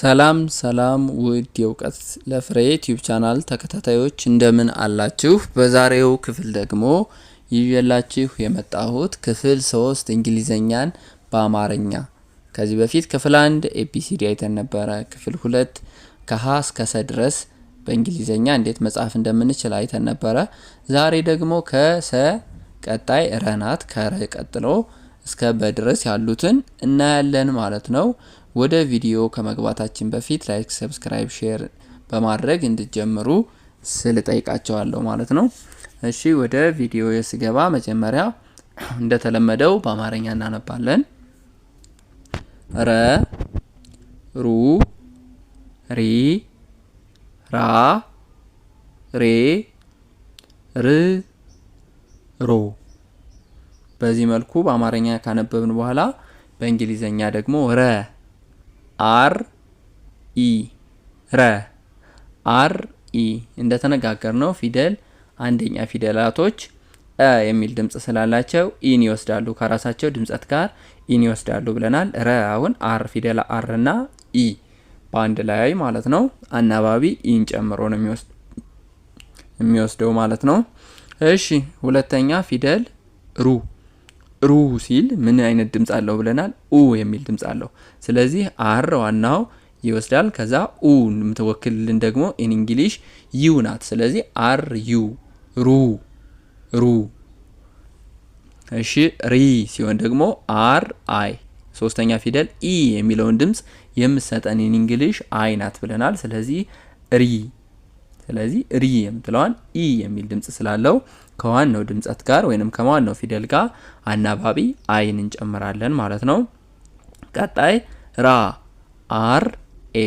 ሰላም ሰላም ውድ የእውቀት ለፍሬ ዩቲዩብ ቻናል ተከታታዮች እንደምን አላችሁ? በዛሬው ክፍል ደግሞ ይዤላችሁ የመጣሁት ክፍል ሶስት እንግሊዘኛን በአማርኛ። ከዚህ በፊት ክፍል አንድ ኤቢሲዲ አይተን ነበረ። ክፍል ሁለት ከሀ እስከ ሰ ድረስ በእንግሊዘኛ እንዴት መጻፍ እንደምንችል አይተን ነበረ። ዛሬ ደግሞ ከሰ ቀጣይ ረናት ከረ ቀጥሎ እስከ በድረስ ያሉትን እናያለን ማለት ነው። ወደ ቪዲዮ ከመግባታችን በፊት ላይክ፣ ሰብስክራይብ፣ ሼር በማድረግ እንድጀምሩ ስል ጠይቃቸዋለሁ ማለት ነው። እሺ ወደ ቪዲዮ የስገባ መጀመሪያ እንደተለመደው በአማርኛ እናነባለን። ረ ሩ ሪ ራ ሬ ር ሮ በዚህ መልኩ በአማርኛ ካነበብን በኋላ በእንግሊዘኛ ደግሞ ረ አር ኢ ረ አር ኢ እንደተነጋገር ነው ፊደል አንደኛ ፊደላቶች እ የሚል ድምጽ ስላላቸው ኢን ይወስዳሉ ከራሳቸው ድምጸት ጋር ኢን ይወስዳሉ ብለናል። ረ አሁን አር ፊደል አር እና ኢ በአንድ ላይ ማለት ነው አናባቢ ኢን ጨምሮ ነው የሚወስደው ማለት ነው። እሺ ሁለተኛ ፊደል ሩ ሩ ሲል ምን አይነት ድምፅ አለው ብለናል? ኡ የሚል ድምፅ አለው። ስለዚህ አር ዋናው ይወስዳል። ከዛ ኡ የምትወክልልን ደግሞ ኢን እንግሊሽ ዩ ናት። ስለዚህ አር ዩ ሩ ሩ። እሺ ሪ ሲሆን ደግሞ አር አይ ሶስተኛ ፊደል ኢ የሚለውን ድምፅ የምሰጠን ኢን እንግሊሽ አይ ናት ብለናል። ስለዚህ ሪ ስለዚህ ሪ የምትለዋን ኢ የሚል ድምፅ ስላለው ከዋናው ድምፀት ጋር ወይንም ከዋናው ፊደል ጋር አናባቢ አይን እንጨምራለን ማለት ነው። ቀጣይ ራ አር ኤ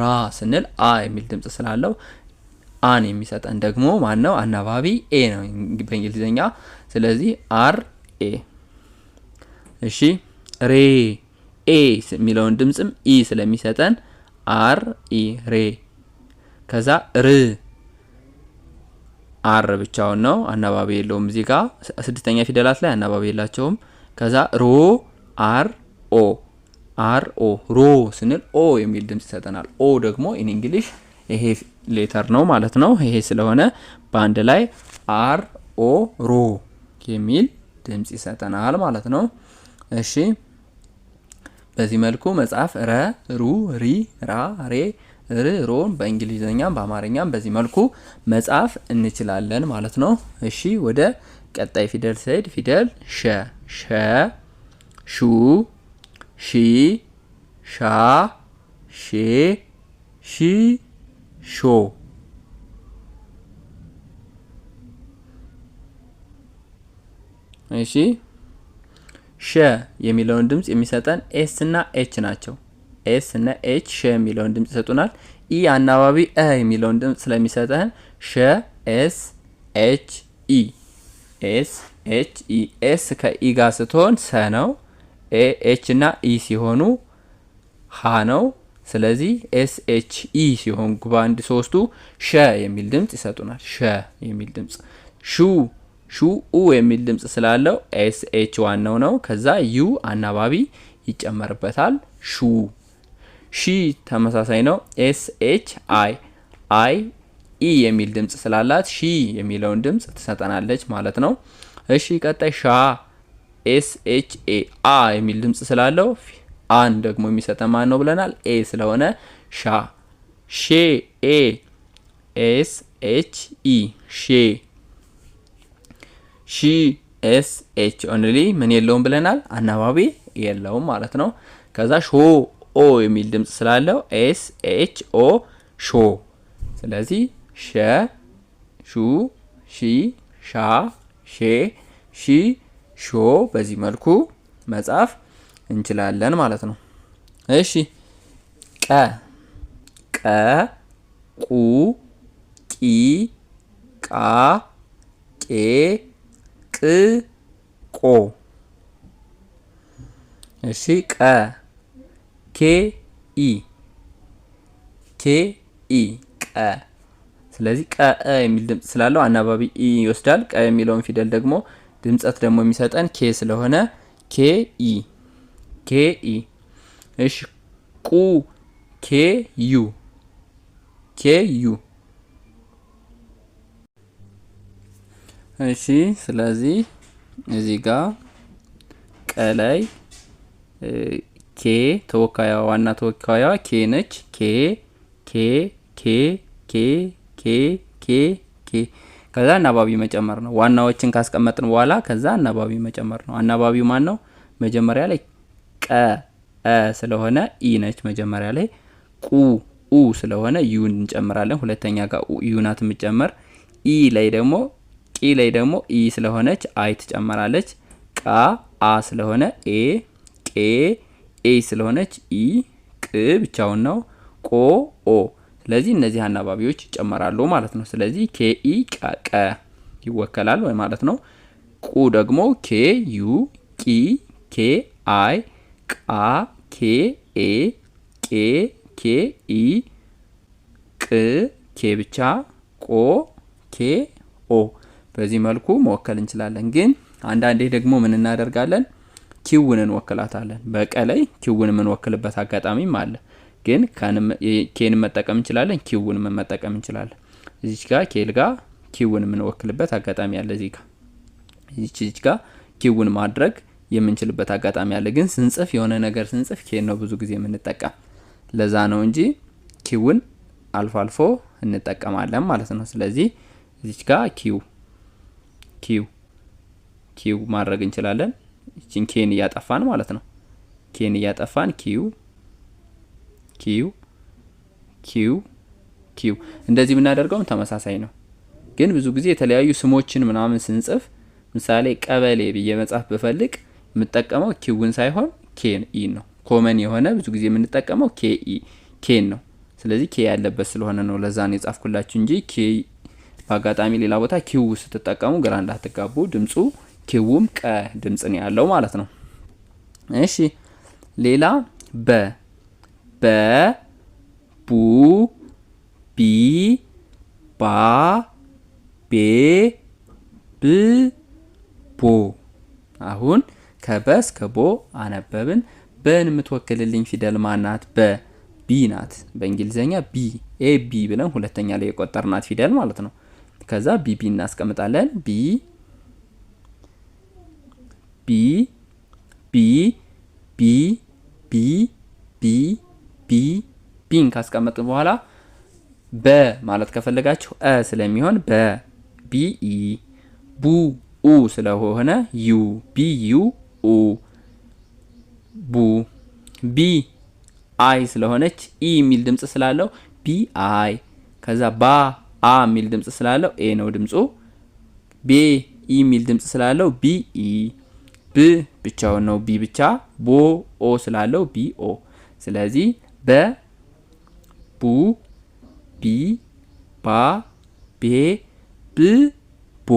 ራ ስንል አ የሚል ድምጽ ስላለው አን የሚሰጠን ደግሞ ማን ነው? አናባቢ ኤ ነው በእንግሊዝኛ። ስለዚህ አር ኤ። እሺ ሬ ኤ የሚለውን ድምጽም ኢ ስለሚሰጠን አር ኢ ሬ ከዛ ር አር ብቻውን ነው፣ አናባቢ የለውም። እዚህ ጋር ስድስተኛ ፊደላት ላይ አናባቢ የላቸውም። ከዛ ሮ አር ኦ አር ኦ ሮ ስንል ኦ የሚል ድምጽ ይሰጠናል። ኦ ደግሞ ኢን እንግሊሽ ይሄ ሌተር ነው ማለት ነው። ይሄ ስለሆነ በአንድ ላይ አር ኦ ሮ የሚል ድምጽ ይሰጠናል ማለት ነው። እሺ በዚህ መልኩ መጽሐፍ ረ ሩ ሪ ራ ሬ ሮን በእንግሊዝኛም በአማርኛም በዚህ መልኩ መጻፍ እንችላለን ማለት ነው። እሺ ወደ ቀጣይ ፊደል ስሄድ ፊደል ሸ ሸ ሹ ሺ ሻ ሼ ሺ ሾ እሺ ሸ የሚለውን ድምፅ የሚሰጠን ኤስ እና ኤች ናቸው። ኤስ እና ኤች ሸ የሚለውን ድምጽ ይሰጡናል። ኢ አናባቢ እ የሚለውን ድምጽ ስለሚሰጠን ሸ ኤስ ኤች ኢ ኤስ ኤች ኢ ኤስ ከኢ ጋር ስትሆን ሰ ነው። ኤ ኤች እና ኢ ሲሆኑ ሀ ነው። ስለዚህ ኤስ ኤች ኢ ሲሆን ጉባንድ ሶስቱ ሸ የሚል ድምጽ ይሰጡናል። ሸ የሚል ድምጽ ሹ ሹ ኡ የሚል ድምጽ ስላለው ኤስ ኤች ዋናው ነው። ከዛ ዩ አናባቢ ይጨመርበታል ሹ ሺ ተመሳሳይ ነው። ኤስ ኤች አይ አይ ኢ የሚል ድምጽ ስላላት ሺ የሚለውን ድምጽ ትሰጠናለች ማለት ነው። እሺ ቀጣይ ሻ ኤስ ኤች ኤ አ የሚል ድምጽ ስላለው አን ደግሞ የሚሰጠ ማን ነው ብለናል? ኤ ስለሆነ ሻ ሼ ኤ ኤስ ኤች ኢ ሼ ሺ ኤስ ኤች ኦንሊ ምን የለውም ብለናል? አናባቢ የለውም ማለት ነው። ከዛ ሾ ኦ የሚል ድምፅ ስላለው ኤስ ኤች ኦ ሾ። ስለዚህ ሸ፣ ሹ፣ ሺ፣ ሻ፣ ሼ፣ ሺ፣ ሾ በዚህ መልኩ መጻፍ እንችላለን ማለት ነው። እሺ ቀ ቀ ቁ ቂ ቃ ቄ ቅ ቆ። እሺ ቀ ኬ ኬ ኬኢ ቀ ስለዚህ ቀ የሚል ድምጽ ስላለው አናባቢ ኢ ይወስዳል። ቀ የሚለውን ፊደል ደግሞ ድምጸት ደግሞ የሚሰጠን ኬ ስለሆነ ኬ ኬ ኬኢ። እሺ ቁ ኬ ዩ። እሺ ስለዚህ እዚህ ጋር ቀ ላይ ኬ ተወካያ ዋና ተወካያ ኬ ነች። ኬ ኬ ኬ ኬ ኬ ኬ ኬ ከዛ አናባቢ መጨመር ነው። ዋናዎችን ካስቀመጥን በኋላ ከዛ አናባቢ መጨመር ነው። አናባቢው ማን ነው? መጀመሪያ ላይ ቀ እ ስለሆነ ኢ ነች። መጀመሪያ ላይ ቁ ኡ ስለሆነ ዩ እንጨምራለን። ሁለተኛ ጋር ናት የምጨመር ኢ ላይ ደግሞ ቂ ላይ ደግሞ ኢ ስለሆነች አይ ትጨመራለች። ቃ አ ስለሆነ ኤ ቄ ኤ ስለሆነች ኢ ቅ ብቻውን ነው ቆ ኦ። ስለዚህ እነዚህ አናባቢዎች ይጨመራሉ ማለት ነው። ስለዚህ ኬ ኢ ቀ ቀ ይወከላል ወይ ማለት ነው። ቁ ደግሞ ኬ ዩ ቂ ኬ አይ ቃ ኬ ኤ ቄ ኬ ኢ ቅ ኬ ብቻ ቆ ኬ ኦ። በዚህ መልኩ መወከል እንችላለን። ግን አንዳንዴ ደግሞ ምን እናደርጋለን? ኪውን እንወክላታለን። በቀ ላይ ኪውን የምንወክልበት አጋጣሚም አለ። ግን ኬን መጠቀም እንችላለን፣ ኪውን መጠቀም እንችላለን። እዚች ጋር ኬል ጋር ኪውን የምንወክልበት አጋጣሚ አለ። እዚህ ጋር እዚች ጋር ኪውን ማድረግ የምንችልበት አጋጣሚ አለ። ግን ስንጽፍ የሆነ ነገር ስንጽፍ ኬን ነው ብዙ ጊዜ የምንጠቀም ለዛ ነው እንጂ ኪውን አልፎ አልፎ እንጠቀማለን ማለት ነው። ስለዚህ እዚች ጋር ኪው ኪው ኪው ማድረግ እንችላለን። ይችን ኬን እያጠፋን ማለት ነው። ኬን እያጠፋን ኪዩ ኪዩ ኪዩ ኪዩ እንደዚህ የምናደርገውም ተመሳሳይ ነው። ግን ብዙ ጊዜ የተለያዩ ስሞችን ምናምን ስንጽፍ ምሳሌ ቀበሌ ብዬ መጻፍ ብፈልግ የምጠቀመው ኪውን ሳይሆን ኬን ኢ ነው። ኮመን የሆነ ብዙ ጊዜ የምንጠቀመው ኬ ኢ ኬን ነው። ስለዚህ ኬ ያለበት ስለሆነ ነው ለዛ ነው የጻፍኩላችሁ እንጂ ኬ በአጋጣሚ ሌላ ቦታ ኪው ስትጠቀሙ ግራ እንዳትጋቡ ድምፁ ኪውም ቀ ድምጽ ነው ያለው ማለት ነው። እሺ ሌላ በ በ ቡ ቢ ባ ቤ ብ ቦ አሁን ከበስ ከቦ አነበብን። በን የምትወክልልኝ ፊደል ማናት? በ ቢ ናት። በእንግሊዝኛ ቢ ኤ ቢ ብለን ሁለተኛ ላይ የቆጠርናት ፊደል ማለት ነው። ከዛ ቢ ቢ እናስቀምጣለን ቢ 비, 비, ቢ ካስቀመጥን በኋላ በ ማለት ከፈለጋችሁ እ ስለሚሆን በ ቢ ኢ ቡ ኡ ስለሆነ ዩ ቢ ዩ ኡ ቡ ቢ አይ ስለሆነች ኢ የሚል ድምጽ ስላለው ቢ አይ። ከዛ ባ አ የሚል ድምጽ ስላለው ኤ ነው ድምጹ። ቤ ኢ የሚል ድምጽ ስላለው ቢ ኢ ብ ብቻውን ነው ቢ ብቻ ቦ ኦ ስላለው ቢ ኦ። ስለዚህ በ ቡ ቢ ባ ቤ ብ ቦ።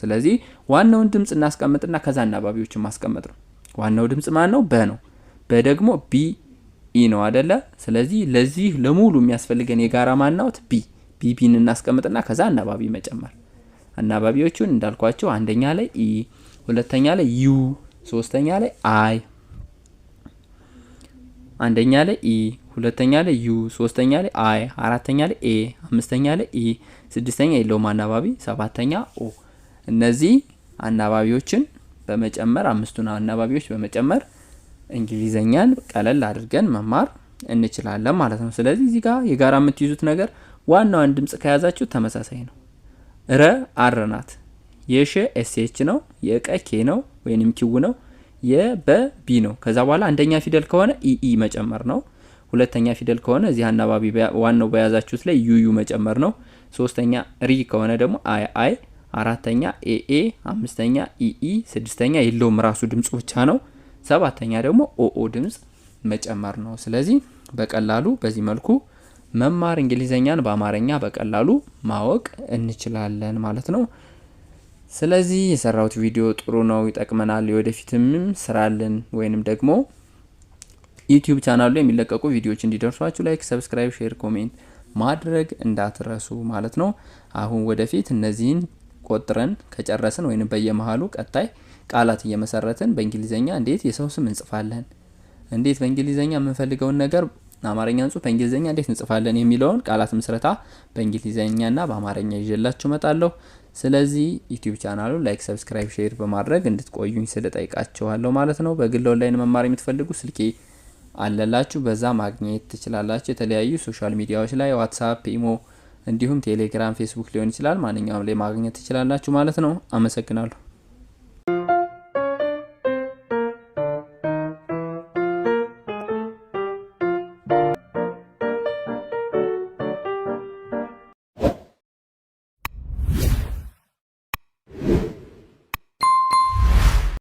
ስለዚህ ዋናውን ድምፅ እናስቀምጥና ከዛ አናባቢዎችን ማስቀመጥ ነው። ዋናው ድምፅ ማን ነው? በ ነው። በ ደግሞ ቢ ኢ ነው አደለ? ስለዚህ ለዚህ ለሙሉ የሚያስፈልገን የጋራ ማናወት ቢ ቢ ቢን እናስቀምጥና ከዛ አናባቢ መጨመር። አናባቢዎቹን እንዳልኳቸው አንደኛ ላይ ኢ ሁለተኛ ላይ ዩ፣ ሶስተኛ ላይ አይ፣ አንደኛ ላይ ኢ፣ ሁለተኛ ላይ ዩ፣ ሶስተኛ ላይ አይ፣ አራተኛ ላይ ኤ፣ አምስተኛ ላይ ኢ፣ ስድስተኛ የለውም አናባቢ፣ ሰባተኛ ኦ። እነዚህ አናባቢዎችን በመጨመር አምስቱን አናባቢዎች በመጨመር እንግሊዘኛን ቀለል አድርገን መማር እንችላለን ማለት ነው። ስለዚህ እዚህ ጋር የጋራ የምትይዙት ነገር ዋናዋን ድምጽ ከያዛችሁ ተመሳሳይ ነው። ረ አረናት የሸ ኤስኤች ነው። የቀ ኬ ነው ወይንም ኪው ነው። የበ ቢ ነው። ከዛ በኋላ አንደኛ ፊደል ከሆነ ኢኢ መጨመር ነው። ሁለተኛ ፊደል ከሆነ እዚህ አናባቢ ዋናው በያዛችሁት ላይ ዩዩ መጨመር ነው። ሶስተኛ ሪ ከሆነ ደግሞ አይ አይ፣ አራተኛ ኤኤ፣ አምስተኛ ኢኢ፣ ስድስተኛ የለውም ራሱ ድምፁ ብቻ ነው። ሰባተኛ ደግሞ ኦኦ ድምፅ መጨመር ነው። ስለዚህ በቀላሉ በዚህ መልኩ መማር እንግሊዘኛን በአማርኛ በቀላሉ ማወቅ እንችላለን ማለት ነው። ስለዚህ የሰራሁት ቪዲዮ ጥሩ ነው፣ ይጠቅመናል፣ የወደፊትም ስራልን ወይንም ደግሞ ዩቲዩብ ቻናሉ የሚለቀቁ ቪዲዮዎች እንዲደርሷችሁ ላይክ፣ ሰብስክራይብ፣ ሼር፣ ኮሜንት ማድረግ እንዳትረሱ ማለት ነው። አሁን ወደፊት እነዚህን ቆጥረን ከጨረስን ወይንም በየመሃሉ ቀጣይ ቃላት እየመሰረትን በእንግሊዘኛ እንዴት የሰው ስም እንጽፋለን፣ እንዴት በእንግሊዘኛ የምንፈልገውን ነገር አማርኛ ንጹህ በእንግሊዝኛ እንዴት እንጽፋለን የሚለውን ቃላት ምስረታ በእንግሊዝኛና በአማርኛ ይዤላችሁ እመጣለሁ። ስለዚህ ዩቲዩብ ቻናሉን ላይክ፣ ሰብስክራይብ፣ ሼር በማድረግ እንድትቆዩኝ ስል ጠይቃችኋለሁ ማለት ነው። በግል ኦንላይን መማር የምትፈልጉ ስልኬ አለላችሁ፣ በዛ ማግኘት ትችላላችሁ። የተለያዩ ሶሻል ሚዲያዎች ላይ ዋትሳፕ፣ ኢሞ እንዲሁም ቴሌግራም፣ ፌስቡክ ሊሆን ይችላል። ማንኛውም ላይ ማግኘት ትችላላችሁ ማለት ነው። አመሰግናለሁ።